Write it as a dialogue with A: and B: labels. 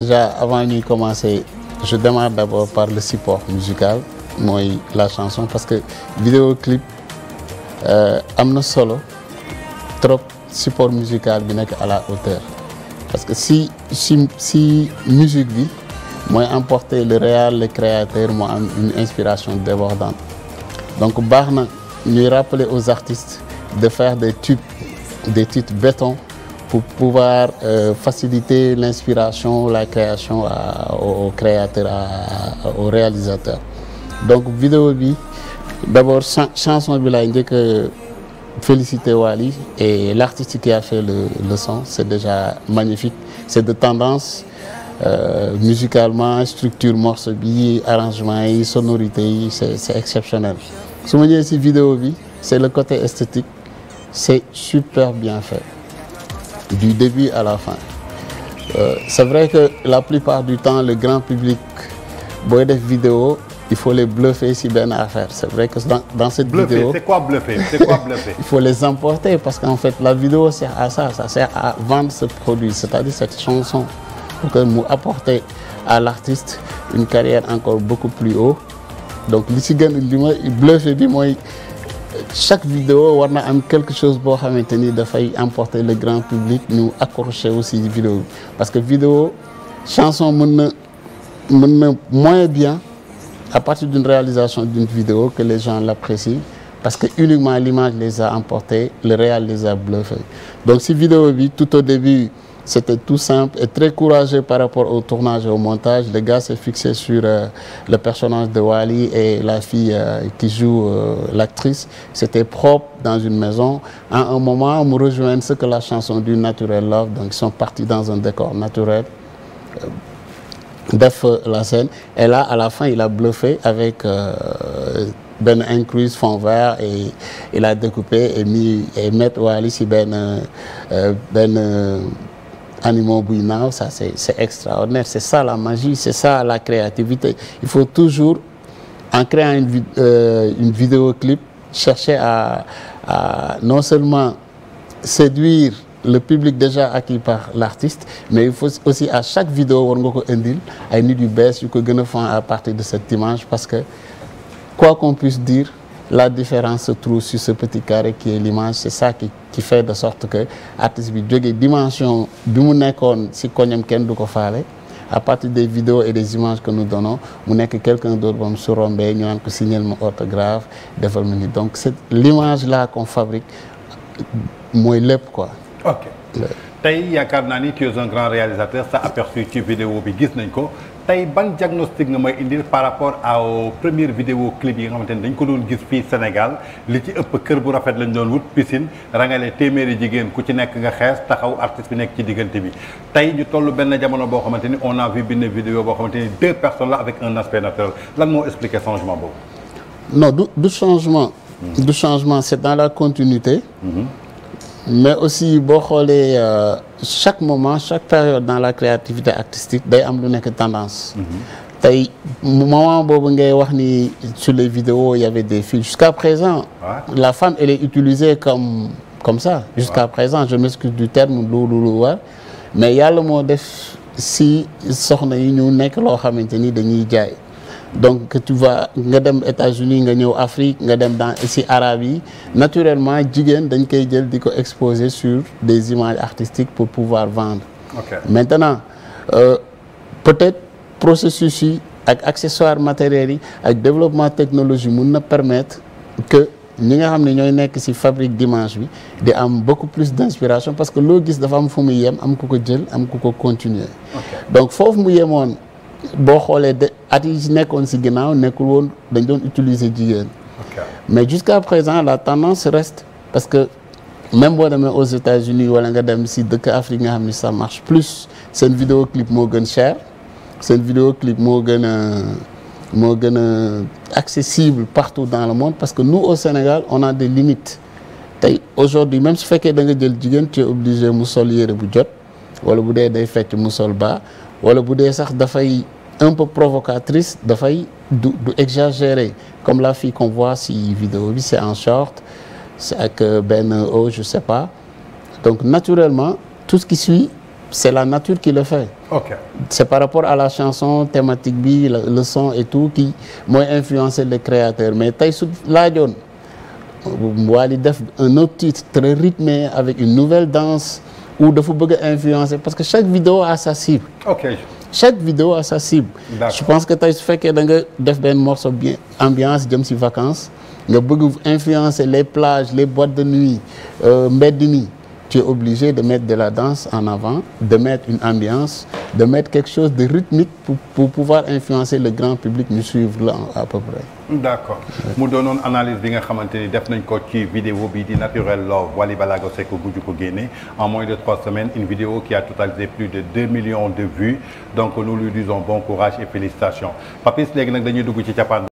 A: Déjà, avant de commencer, je démarre d'abord par le support musical, mooy la chanson, parce que vidéoclip, euh, na solo, trop support musical nekk à la hauteur. Parce que si, si, si musique vie, moi, emporter le réel, le créateur, moi, une inspiration débordante. Donc, Barna, nous rappeler aux artistes de faire des tubes, des titres béton, pour pouvoir euh, faciliter l'inspiration, la création à, aux créateurs, à, réalisateurs. Donc vidéo bi d'abord ch chanson bi laay njëkk féliciter Wally et l'artiste qui a fait le, le son c'est déjà magnifique c'est de tendance euh, musicalement structure morceau bi arrangement yi sonorité yi c'est c'est exceptionnel su ma ñëwee vidéo bi c'est le côté esthétique c'est super bien fait du début à la fin euh, c'est vrai que la plupart du temps le grand public booy def vidéo il faut les bluffer si benn affaire c'est vrai que dans, dans cette bluffer, vidéo c'est
B: quoi bluffer c'est quoi bluffer il
A: faut les emporter parce qu'en fait la vidéo sert à ça ça sert à vendre ce produit c'est-à-dire cette chanson pour que mu apporter à l'artiste une carrière encore beaucoup plus haut donc li ci gën li ma bluffer bi mooy chaque vidéo war na am quelque chose boo xamante ni dafay emporter le grand public ñu accroché aussi vidéo bi parce que vidéo chanson mën na mën na moins bien à partir d'une réalisation d'une vidéo que les gens l'apprécient parce que uniquement l'image les a emportés le réel les a bluffés donc si vidéo bi tout au début C'était tout simple et très courageux par rapport au tournage et au montage. Le gars s'est fixé sur euh, le personnage de Wally et la fille euh, qui joue euh, l'actrice. C'était propre dans une maison. À un moment, on me rejoint ce que la chanson du Natural Love. Donc, ils sont partis dans un décor naturel euh, def la scène. Et là, à la fin, il a bluffé avec euh, ben incluse fond vert et il a découpé et mis et mettre Wally si ben euh, euh, ben euh, animaux buy naaw ça c'est c'est extraordinaire c'est ça la magie c'est ça la créativité il faut toujours en créant une vid euh, une vidéoclip chercher à à non seulement séduire le public déjà acquis par l'artiste mais il faut aussi à chaque vidéo war nga ko indil ay nit yu bees yu ko gën a fan à partir de cette image parce que quoi qu'on puisse dire la différence se trouve sur ce petit carré qui est l'image c'est ça qui fait de sorte que artiste bi jógee dimension bi mu nekkoon si koñam kenn du ko faale à partir des vidéos et des images que nous donnons mu nekk quelqu'un d'autre bam su rombee ñu naan ko signal ma orthographe defal ma ni donc c'est l'image là qu'on fabrique mooy lépp quoi
B: ok tey yaakaar naa ni tu es un grand réalisateur ça aperçu ci vidéo bi gis nañ ko tey ban diagnostic nga may indi par rapport au première vidéo clip yi nga xamante ni dañ ko doon gis fii Sénégal li ci ëpp kër bu rafet lañ doon wut piscine rangale téeméeri jigéen ku ci nekk nga xees taxaw artiste bi nekk ci diggante bi tey ñu toll benn jamono boo xamante ni on a vu benn vidéo boo xamante ni deux personnes la avec un aspect naturel lan moo expliquer changement boobu.
A: non du du changement. Hmm. du changement c'est dans la continuité. Hmm. mais aussi boo xoolee. Euh, chaque moment chaque période dans la créativité artistique day am lu nekk tendance tey moment boobu ngay wax ni su les vidéos il y avait des filles jusqu'à présent la femme elle est utilisée comme comme ça jusqu'à ouais. présent je m'excuse du terme lu lu lu war mais yàlla moo def si soxna yi ñu nekk loo xamante ni dañuy jaay donc tu vas nga dem États-Unis nga ñëw Afrique nga dem dans si arabe yi naturellement jigéen dañ koy jël di ko exposer sur des images artistiques pour pouvoir vendre okay. maintenant euh, peut-être processus yi ak accessoire matériels yi ak développement technologie mun na permettre que ñi nga xam ne ñooy nekk ci fabrique dimanche bi di am beaucoup plus d'inspiration parce que loo gis dafa am fu mu yem am ku ko jël am ku ko continuer donc foofu mu yemoon boo xoolee de at yi nekkoon si ginnaaw nekkul woon dañ doon utiliser jigéen mais jusqu'à présent la tendance rest parce que même boo demee aux États-Unis wala nga dem si dëkk Afrique nga xam ni ça marche plus seen vidéoclip moo gën cher seen vidéoclip moo gën a moo gën a accessible partout dans le monde parce que nous au Sénégal on a des limites tey aujourd'hui même su fekkee da nga jël jigéen tu es mu sol yére bu jot wala bu dee day fecc mu sol ba wala bu dee sax dafay un peu provocatrice dafay du du exagéré comme la fille qu'on voit si vidéo bi c'est en short c'est ak euh, benn oh je sais pas donc naturellement tout ce qui suit c'est la nature qui le fait ok c'est par rapport à la chanson thématique bi le son et tout qui mooy influencer le créateur mais tey su laajoon waa li def un autre titre très rythmé avec une nouvelle danse ou dafa bëgg a parce que chaque vidéo a sa cible. ok chaque vidéo a sa cible. je pense que tey su fekkee da nga def benn morceau bien ambiance jëm si vacances nga bëgg influencer les plages les boîtes de nuit euh, mbedd mi. tu es obligé de mettre de la danse en avant, de mettre une ambiance, de mettre quelque chose de rythmique pour, pouvoir influencer le grand public ñu suivre la à peu près.
B: d'accord mu doonoon analyse bi nga xamante ni def nañ ko ci vidéo bi di Naturel Love Wally Ballago Seck bu ko génne en moins de trois semaines une vidéo qui a totalisé plus de deux millions de vues donc nous lui disons bon courage et félicitations Papis léegi nag dañuy dugg ci cappaandaw.